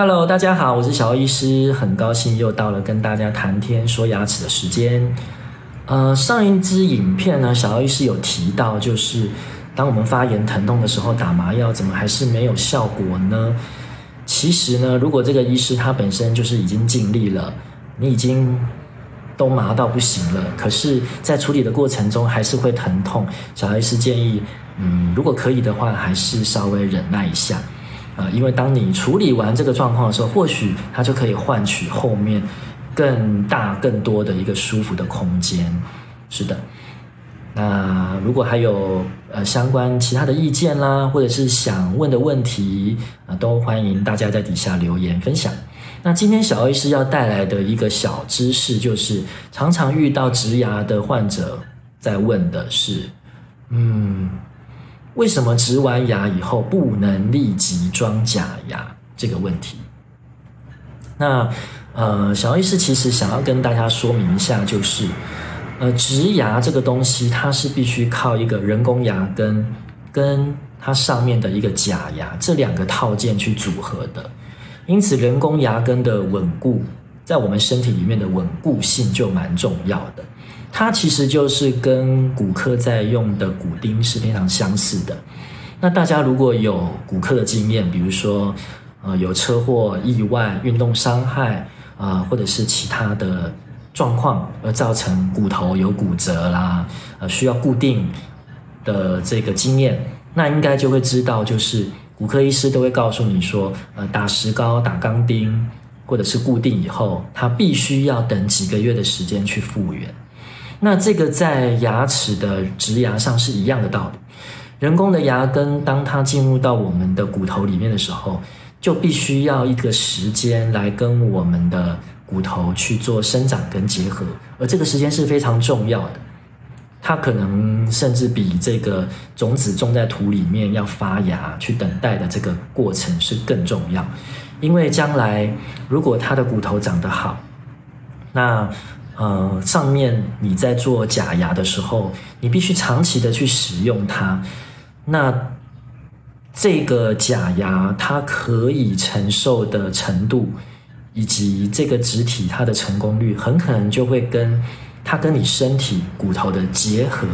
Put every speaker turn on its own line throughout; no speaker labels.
Hello，大家好，我是小歐醫師，很高興又到了跟大家談天說牙齒的時間。呃，上一支影片呢，小歐醫師有提到，就是當我們發炎疼痛的時候打麻藥，怎麼還是沒有效果呢？其實呢，如果這個醫師他本身就是已經盡力了，你已經都麻到不行了，可是，在處理的過程中還是會疼痛。小歐醫師建議，嗯，如果可以的話，還是稍微忍耐一下。啊、呃，因為當你處理完這個狀況的時候，或許它就可以換取後面更大更多的一個舒服的空間。是的，那如果還有呃相關其他的意見啦，或者是想問的問題啊、呃，都歡迎大家在底下留言分享。那今天小艾醫師要帶來的一個小知識，就是常常遇到植牙的患者在問的是，嗯。為什麼植完牙以後不能立即裝假牙？這個問題，那呃，小醫師其實想要跟大家說明一下，就是呃，植牙這個東西，它是必須靠一個人工牙根跟它上面的一個假牙這兩個套件去組合的，因此人工牙根的穩固。在我們身體裡面的穩固性就蠻重要的，它其實就是跟骨科在用的骨釘是非常相似的。那大家如果有骨科的經驗，比如說呃有車禍、意外、運動傷害啊、呃，或者是其他的狀況而造成骨頭有骨折啦，呃需要固定的這個經驗，那應該就會知道，就是骨科醫師都會告訴你說，呃打石膏、打鋼釘。或者是固定以後，它必須要等幾個月的時間去復原。那這個在牙齒的植牙上是一樣的道理。人工的牙根，當它進入到我們的骨頭裡面的時候，就必須要一個時間來跟我們的骨頭去做生長跟結合，而這個時間是非常重要的。它可能甚至比這個種子種在土裡面要發芽去等待的這個過程是更重要。因為將來如果他的骨頭長得好，那呃上面你在做假牙的時候，你必須長期的去使用它。那這個假牙它可以承受的程度，以及這個植體它的成功率，很可能就會跟它跟你身體骨頭的結合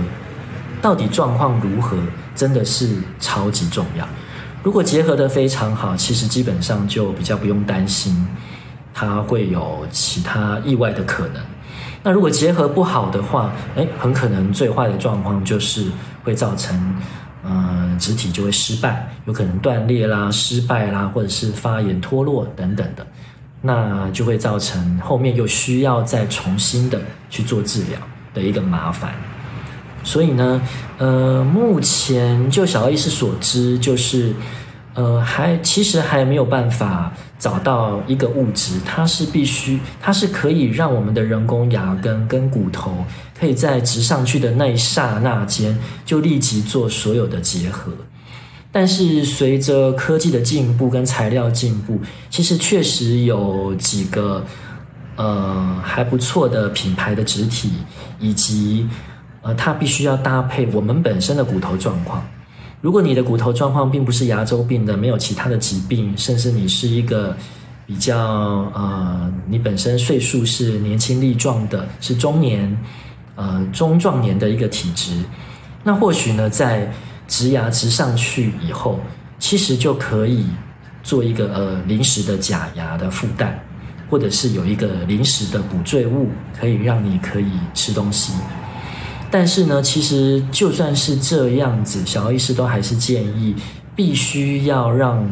到底狀況如何，真的是超級重要。如果結合得非常好，其實基本上就比較不用擔心，它會有其他意外的可能。那如果結合不好的話，誒很可能最壞的狀況就是會造成，嗯、呃，植體就會失敗，有可能斷裂啦、失敗啦，或者是發炎脫落等等的，那就會造成後面又需要再重新的去做治療的一個麻煩。所以呢，呃，目前就小醫師所知，就是，呃，還其實還沒有辦法找到一個物質，它是必須，它是可以讓我們的人工牙根跟骨頭，可以在植上去的那一剎那間就立即做所有的結合。但是隨着科技的進步跟材料進步，其實確實有幾個呃還不錯的品牌的植體以及。呃，它必須要搭配我們本身的骨頭狀況。如果你的骨頭狀況並不是牙周病的，沒有其他的疾病，甚至你是一個比較呃，你本身歲數是年輕力壯的，是中年呃中壯年的一個體質，那或許呢，在植牙植上去以後，其實就可以做一個呃臨時的假牙的負擔，或者是有一個臨時的補綴物，可以讓你可以吃東西。但是呢，其實就算是這樣子，小醫師都還是建議，必須要讓，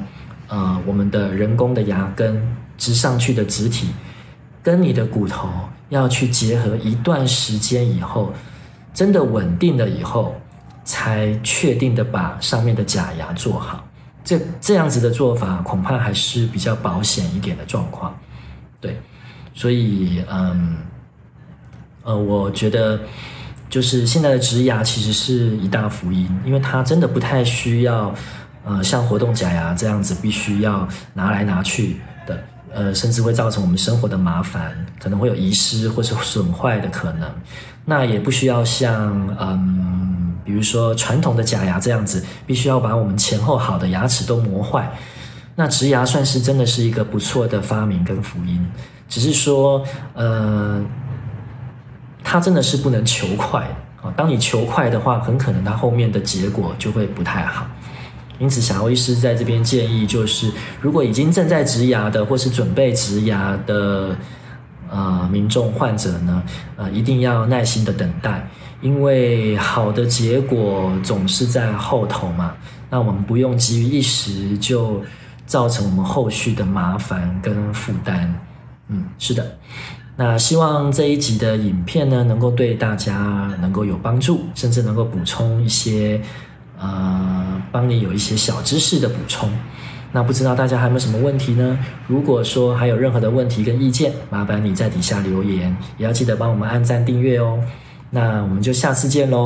呃，我們的人工的牙根植上去的植體，跟你的骨頭要去結合一段時間以後，真的穩定了以後，才確定的把上面的假牙做好。這這樣子的做法，恐怕還是比較保險一點的狀況，對。所以，嗯，呃，我覺得。就是現在的植牙其實是一大福音，因為它真的不太需要，呃，像活動假牙這樣子必須要拿來拿去的，呃，甚至會造成我們生活的麻煩，可能會有遺失或是損壞的可能。那也不需要像，嗯、呃，比如說傳統的假牙這樣子，必須要把我們前後好的牙齒都磨壞。那植牙算是真的是一個不錯的發明跟福音，只是說，呃。它真的是不能求快啊！當你求快的話，很可能它後面的結果就會不太好。因此，夏醫師在這邊建議，就是如果已經正在植牙的，或是準備植牙的呃民眾患者呢，呃，一定要耐心的等待，因為好的結果總是在後頭嘛。那我們不用急於一時，就造成我們後續的麻煩跟負擔。嗯，是的。那希望這一集的影片呢，能夠對大家能夠有幫助，甚至能夠補充一些，呃，幫你有一些小知識的補充。那不知道大家還有沒有什麼問題呢？如果說還有任何的問題跟意見，麻煩你在底下留言，也要記得幫我們按讚訂閱哦。那我們就下次見嘍，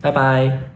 拜拜。